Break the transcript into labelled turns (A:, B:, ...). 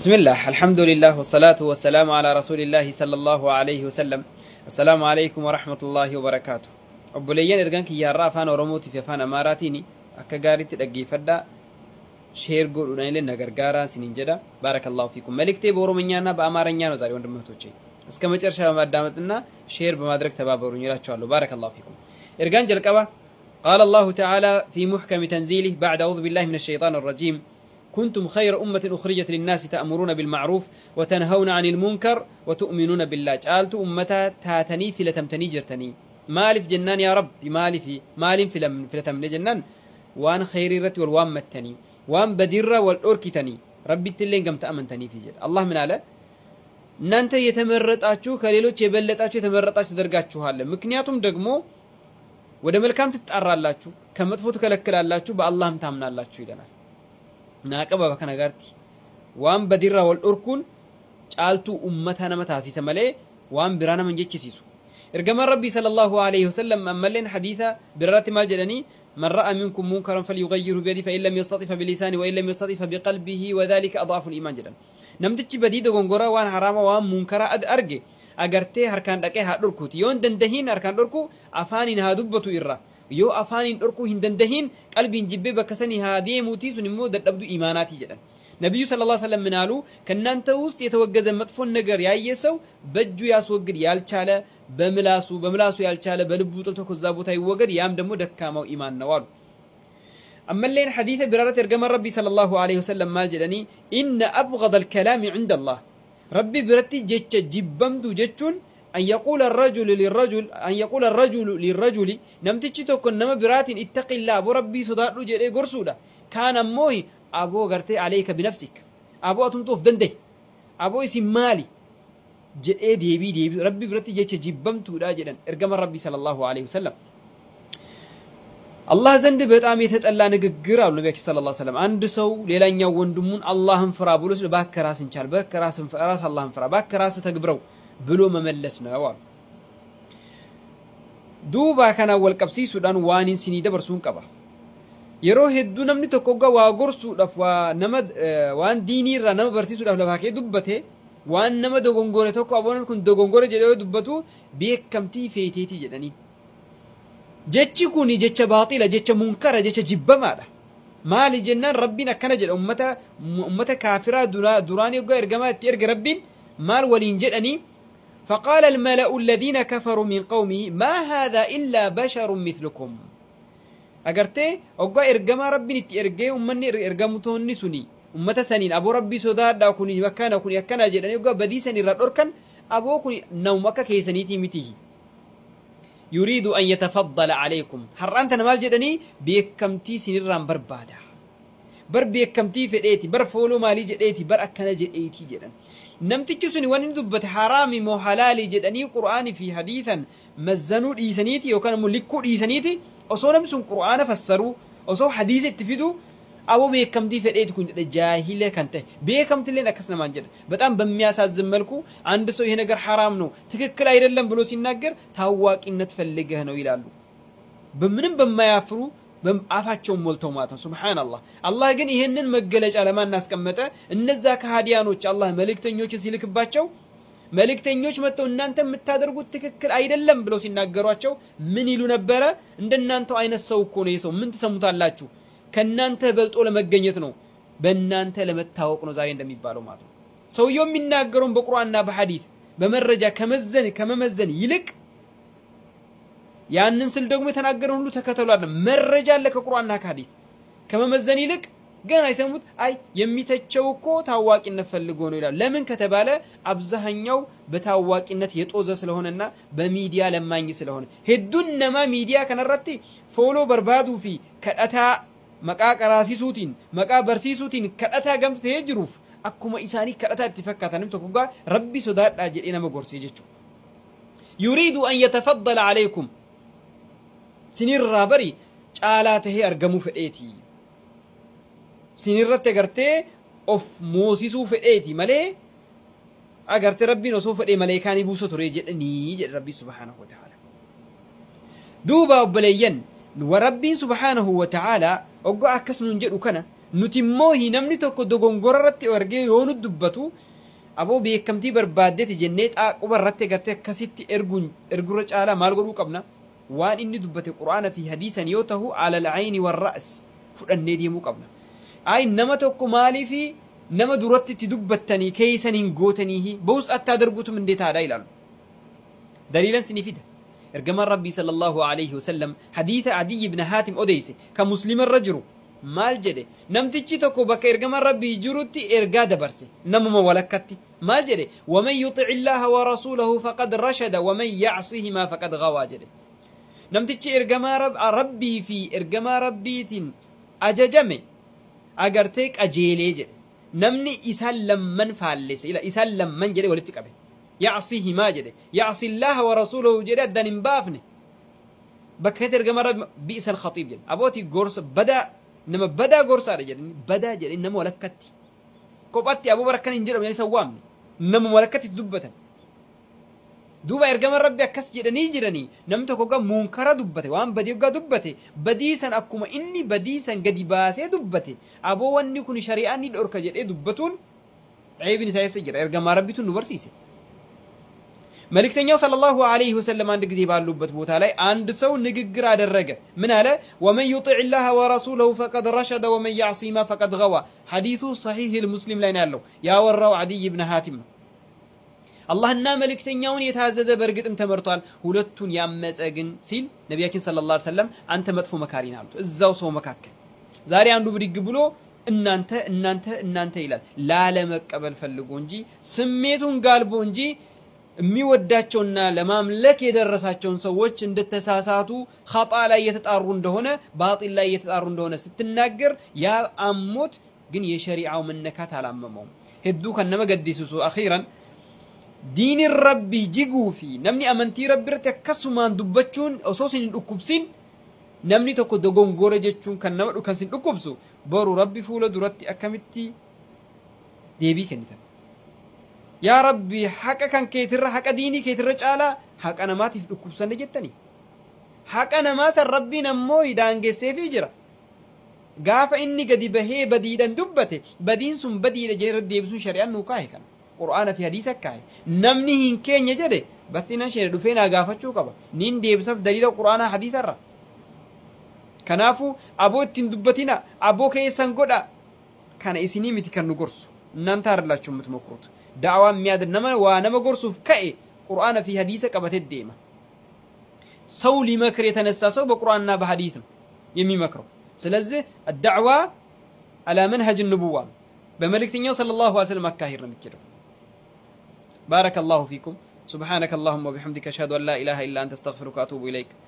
A: ቢስሚላህ አልሐምዱሊላህ ወሰላቱ ወሰላሙ አላ ረሱሊላህ ሰለላሁ አለይሂ ወሰለም አሰላሙ አለይኩም ወረሕመቱላሂ ወበረካቱ ኦብቦleeyyan ergan kiyyaarraa afaan oromootiif afaan amaaraatiin akka gaariitti dhaggeeffadhaa ሼር godhuudhaan illee nagargaaraa sinin jedha ባረከላሁ ፊኩም መልእክቴ በኦሮምኛና በአማርኛ ነው ዛሬ ወንድም እህቶቼ እስከ መጨረሻ በማዳመጥና ሼር በማድረግ ተባበሩኝ እላቸዋለሁ ባረከላሁ ፊኩም ergan jalqaba ቃለ አላሁ ተዓላ ፊ ሙሕከሚ ተንዚሊህ ባዕድ አዑዙ ቢላሂ ሚነ ሸይጣን ረጂም ኩንቱም ኸይረ ኡመትን ኡኽሪጀት ሊናሲ ተእሙሩነ ቢልማዕሩፍ ወተንሀውነ አኒል ሙንከር ወቱእሚኑነ ቢላህ ጫልቱ ኡመታ ታተanii filatamtanii jirtanii maaliif jennaan yaa rabbi maalifi maaliin filatamne jennaan waan kheyrii irratti wal waammattanii waan badiirra wal dhorkitanii rabbitti gamta amantaniifi jedha አላህ ምን አለ እናንተ የተመረጣችሁ ከሌሎች የበለጣችሁ የተመረጣችሁ ተደርጋችኋለ ምክንያቱም ደግሞ ወደ መልካም ትጣራላችሁ ከመጥፎ ትከለክላላችሁ በአላህም ታምናላችሁ ይለናል naa qababa kana agarti waan badirraa wal dhorkuun caaltuu ummata nama taasisa malee waan biraa nama hin jechisiisu ergamaan rabbii sallallahu alaihi wasallam ammalleen hadiisa birarratti maal jedhanii من رأى منكم منكرا فليغيره بيده فإن لم يستطع فبلسانه وإن لم يستطع فبقلبه وذلك أضعف الإيمان جدا نمتج بديد غنغورا وان حرام وان منكرا أد أرجي أجرتي هركان دقي هادركو يون دندهين هركان دركو أفانين هادبتو إرّا yoo afaaniin dhorkuu hin dandahin qalbiin jibbee bakka sanii haa deemuuti sun immoo dadhabdu imaanaatii jedhan ነቢዩ ሰለላሁ ዐለይሂ ወሰለም ምን አሉ? ከእናንተ ውስጥ የተወገዘ መጥፎን ነገር ያየ ሰው በእጁ ያስወግድ ያልቻለ በምላሱ በምላሱ ያልቻለ በልቡ ጥልቶ ከዛ ቦታ ይወገድ፣ ያም ደግሞ ደካማው ኢማን ነው አሉ። አመሌን ሐዲሰ ቢራረት ኤርገማ ረቢ ሰለላሁ ዐለይሂ ወሰለም ማል ጀደኒ ኢነ አብገደል ከላሚ ዒንደላህ ረቢ ብረቲ ጀቸ ጅበምቱ ጀቹን an rajulu lirrajul an yaquula rajulu lirrajuli namtichi tokko nama biraatiin ittaqillaa aboo rabbii sodaadhu jedhee gorsuudha kaan ammoo aboo gartee aleeka binafsik aboo atumtu of dandahe aboo isin maali jedhee deebii deebii rabbi biratti jecha jibbamtuudha jedhan ergama rabbi sallallahu alaihi wasallam አላህ ዘንድ በጣም የተጠላ ንግግር አሉ ነቢያችን ሰለላሁ ዐለይሂ ወሰለም። አንድ ሰው ሌላኛው ወንድሙን አላህን ፍራ ብሎ ሲል እባክህ ራስን ቻል፣ እባክህ ራስን ፍራ፣ ራስ አላህን ፍራ፣ እባክህ ራስህ ተግብረው ብሎ መመለስ ነው አሉ። ዱባ ከና ወልቀብሲሱዳን ዋኒን ሲኒደ በርሱን ቀባ yeroo hedduu namni tokko ga waa gorsuudhaaf waa nama waan diiniirraa nama barsiisuudhaaf lafaa kee dubbate waan nama dogongore tokko aboon kun dogongore jedhee dubbatu beekamtii feeteeti jedhanii. Jechi kun jecha baaxila jecha munkara jecha jibbamaadha. Maali jennaan rabbiin akkana jedha ummata ummata kaafiraa duraan yoggaa ergamaa itti erga rabbiin maal waliin jedhanii فقال الملأ الذين كفروا من قومه ما هذا إلا بشر مثلكم أجرتي أوقع إرجما ربي نتي إرجي أمني إرجمتون نسني أمتا سنين أبو ربي سودا دا كوني مكان كوني أكنا جدني أوقع بدي سنين رد أركن أبو كوني نومك كي سنيتي متي يريد أن يتفضل عليكم حرانت أنا مال جدني تي سنين رام بربادة بر بيكمتي في إيتي بر فولو مالي إيتي بر أكنا إيتي جدا namtichi suni waan inni dubbate haraami moo halaalii jedhanii qura'aanii fi hadiisan mazzanuu dhiisaniiti yookaan immoo likkuu dhiisaniiti osoo namni sun qura'aana fassaruu osoo hadiisa itti fidu aboo beekamtii fedheeti kun jedhe jaahila kan ta'e beekamtileen akkas namaan jedhe በጣም በሚያሳዝን መልኩ አንድ ሰው ይሄ ነገር ሐራም ነው ትክክል አይደለም ብሎ ሲናገር ታዋቂነት ፈልገህ ነው ይላሉ በምንም በማያፍሩ አፋቸውን ሞልተው ማለት ነው። ሱብሃነላህ። አላህ ግን ይህንን መገለጫ ለማን አስቀመጠ? እነዛ ከሃዲያኖች አላህ መልእክተኞችን ሲልክባቸው መልእክተኞች መጥተው እናንተ የምታደርጉት ትክክል አይደለም ብለው ሲናገሯቸው ምን ይሉ ነበረ? እንደናንተው አይነት ሰው እኮ ነው የሰው ምን ትሰሙታላችሁ? ከናንተ በልጦ ለመገኘት ነው፣ በእናንተ ለመታወቅ ነው ዛሬ እንደሚባለው ማለት ነው። ሰውየው የሚናገረውን በቁርአንና በሐዲስ በመረጃ ከመዘን ከመመዘን ይልቅ ያንን ስል ደግሞ የተናገረ ሁሉ ተከተሉ አለ። መረጃ አለ ከቁርአንና ከሐዲስ ከመመዘን ይልቅ ገና አይሰሙት አይ የሚተቸው እኮ ታዋቂነት ፈልጎ ነው ይላል። ለምን ከተባለ አብዛኛው በታዋቂነት የጦዘ ስለሆነና በሚዲያ ለማኝ ስለሆነ ነማ ሚዲያ ከነረቲ ፎሎ በርባዱ ፊ ከዳታ መቃ ቀራሲሱቲን መቃ በርሲሱቲን ከዳታ ገምት ተሄ ጅሩፍ ኢሳኒ isaanii kadhataa itti fakkaataniif tokko gaa rabbi sodaadhaa jedhee nama gorsee jechuudha. Yuriidu an sinirraa bari caalaa tahee argamuu fedheeti sinirratti agartee of moosisuu fedheeti malee agartee rabbiin osoo fedhee maleekaanii buusa ture jedhanii jedha rabbiin subhaanahu wataala duuba obboleeyyan rabbiin subhaanahu wataala oggaa akkas nuun jedhu kana nutimmoo hi namni tokko dogongorarratti argee yoo nu dubbatu aboo beekamtii barbaaddeeti jennee xaaquba irratti agartee akkasitti erguun ergurra caalaa maal godhuu qabna waan inni dubbate quraana fi hadiisan yoo tahu alal ayni warra'as fudhannee deemuu qabna ay nama tokko maaliifi nama duratti itti dubbattanii keeysaniin gootaniihi ba'us attaa darguutum indee taadhaa ilaalu daliilan sini fida ergamaan rabbii sala allahu alayhi wasalam hadiita adiy ibna haatim odeyse ka muslimarra jiru maal jedhe namtichi tokko bakka ergamaan rabbii jirutti ergaa dabarse namuma walakkatti maal jedhe waman yuxic illaaha warasuulahu faqad rashada waman yacsihimaa faqad gawaa jedhe namtichi ergamaa rabbii fi ergamaa rabbiitiin ajajame agartee qajeelee jedhe namni isaan lamman faallese isaan lamman jedhe walitti qabe yacsi himaa jedhe yacsi illaaha wa rasuulahu jedhe addan hin baafne bakka itti ergama rabbi isa alkhaxiib jedhe abootii gorsa badaa nama badaa gorsaadha jedhani badaa jedhani nama walakkatti kophatti abubar akkan hin jedhamu isa waamne nama walakkatti dubbatan duuba ergama rabbi akkas jedhanii jiranii nam tokko gaa munkara dubbate waan badii gaa dubbate badii san akkuma inni badii san gadi baasee dubbate aboo wanni kun shari'aan ni dhorka jedhee dubbatuun ceebin isaa eessa jira ergamaa rabbi tun nu barsiise Malikteenyaa መልእክተኛው ሰለላሁ ዐለይሂ ወሰለም አንድ ጊዜ ባሉበት ቦታ ላይ አንድ ሰው ንግግር አደረገ። ምን አለ? ወመን ዩጢዕ ላህ ወረሱለሁ ፈቀድ ረሸደ ወመን ያዕሲማ ፈቀድ ገዋ። ሐዲቱ ሰሒህ ልሙስሊም ላይ ነው ያለው። ያወራው ዐዲይ ብን ሐቲም haatima. አላህና መልእክተኛውን የታዘዘ በእርግጥም ተመርቷል፣ ሁለቱን ያመፀ ግን ሲል ነቢያችን ሰለላሁ ዐለይሂ ወሰለም አንተ መጥፎ መካሪን አሉት። እዛው ሰው መካከል ዛሬ አንዱ ብድግ ብሎ እናንተ እናንተ እናንተ ይላል። ላለመቀበል ፈልጎ እንጂ ስሜቱን ጋልቦ እንጂ የሚወዳቸውና ለማምለክ የደረሳቸውን ሰዎች እንደተሳሳቱ ኸጣ ላይ እየተጣሩ እንደሆነ ባጢል ላይ እየተጣሩ እንደሆነ ስትናገር ያ አሞት ግን የሸሪዓው መነካት አላመመውም። ሄዱ ከነመገዲስሱ አኺራን diini rabbii jiguu fi namni amantii rabbi irratti akkasumaan dubbachuun osoo sin hin dhukkubsin namni tokko dogongora jechuun kan nama kan sin dhukkubsu boruu rabbi fuula duratti akkamitti deebii kennitan. Yaa rabbi haqa kan keetirra haqa diinii keetirra caalaa haqa namaatiif dhukkubsanne jettani. Haqa namaa san rabbiin ammoo daangesseefii jira. Gaafa inni gadi bahee badiidhan dubbate badiin sun badiidha jedhee irratti deebisuun shari'aan nuu kaa'e kana. qur'aana fi hadiisa kaaye namni hin keenye jedhe barsiinan shee dhufee naa gaafachuu qaba niin deebisaf daliila hadiisa irra kanaafu aboo ittiin dubbatina aboo keessan godha kana isinii miti kan nu gorsu nan taarallaachuun miti mokrutu da'awaan miyaada nama waa nama gorsuuf ka'e qur'aana fi hadiisa qabatee deema ሰው ሊመክር የተነሳ ሰው በቁርአንና በሐዲስ ነው የሚመክረው። ስለዚህ አዳዕዋ አላ መንሀጅ ንቡዋ በመልእክተኛው ሰለላሁ ዐለይሂ ወሰለም አካሄድ ነው የሚኬደው። بارك الله فيكم سبحانك اللهم وبحمدك أشهد أن لا إله إلا أنت استغفرك وأتوب إليك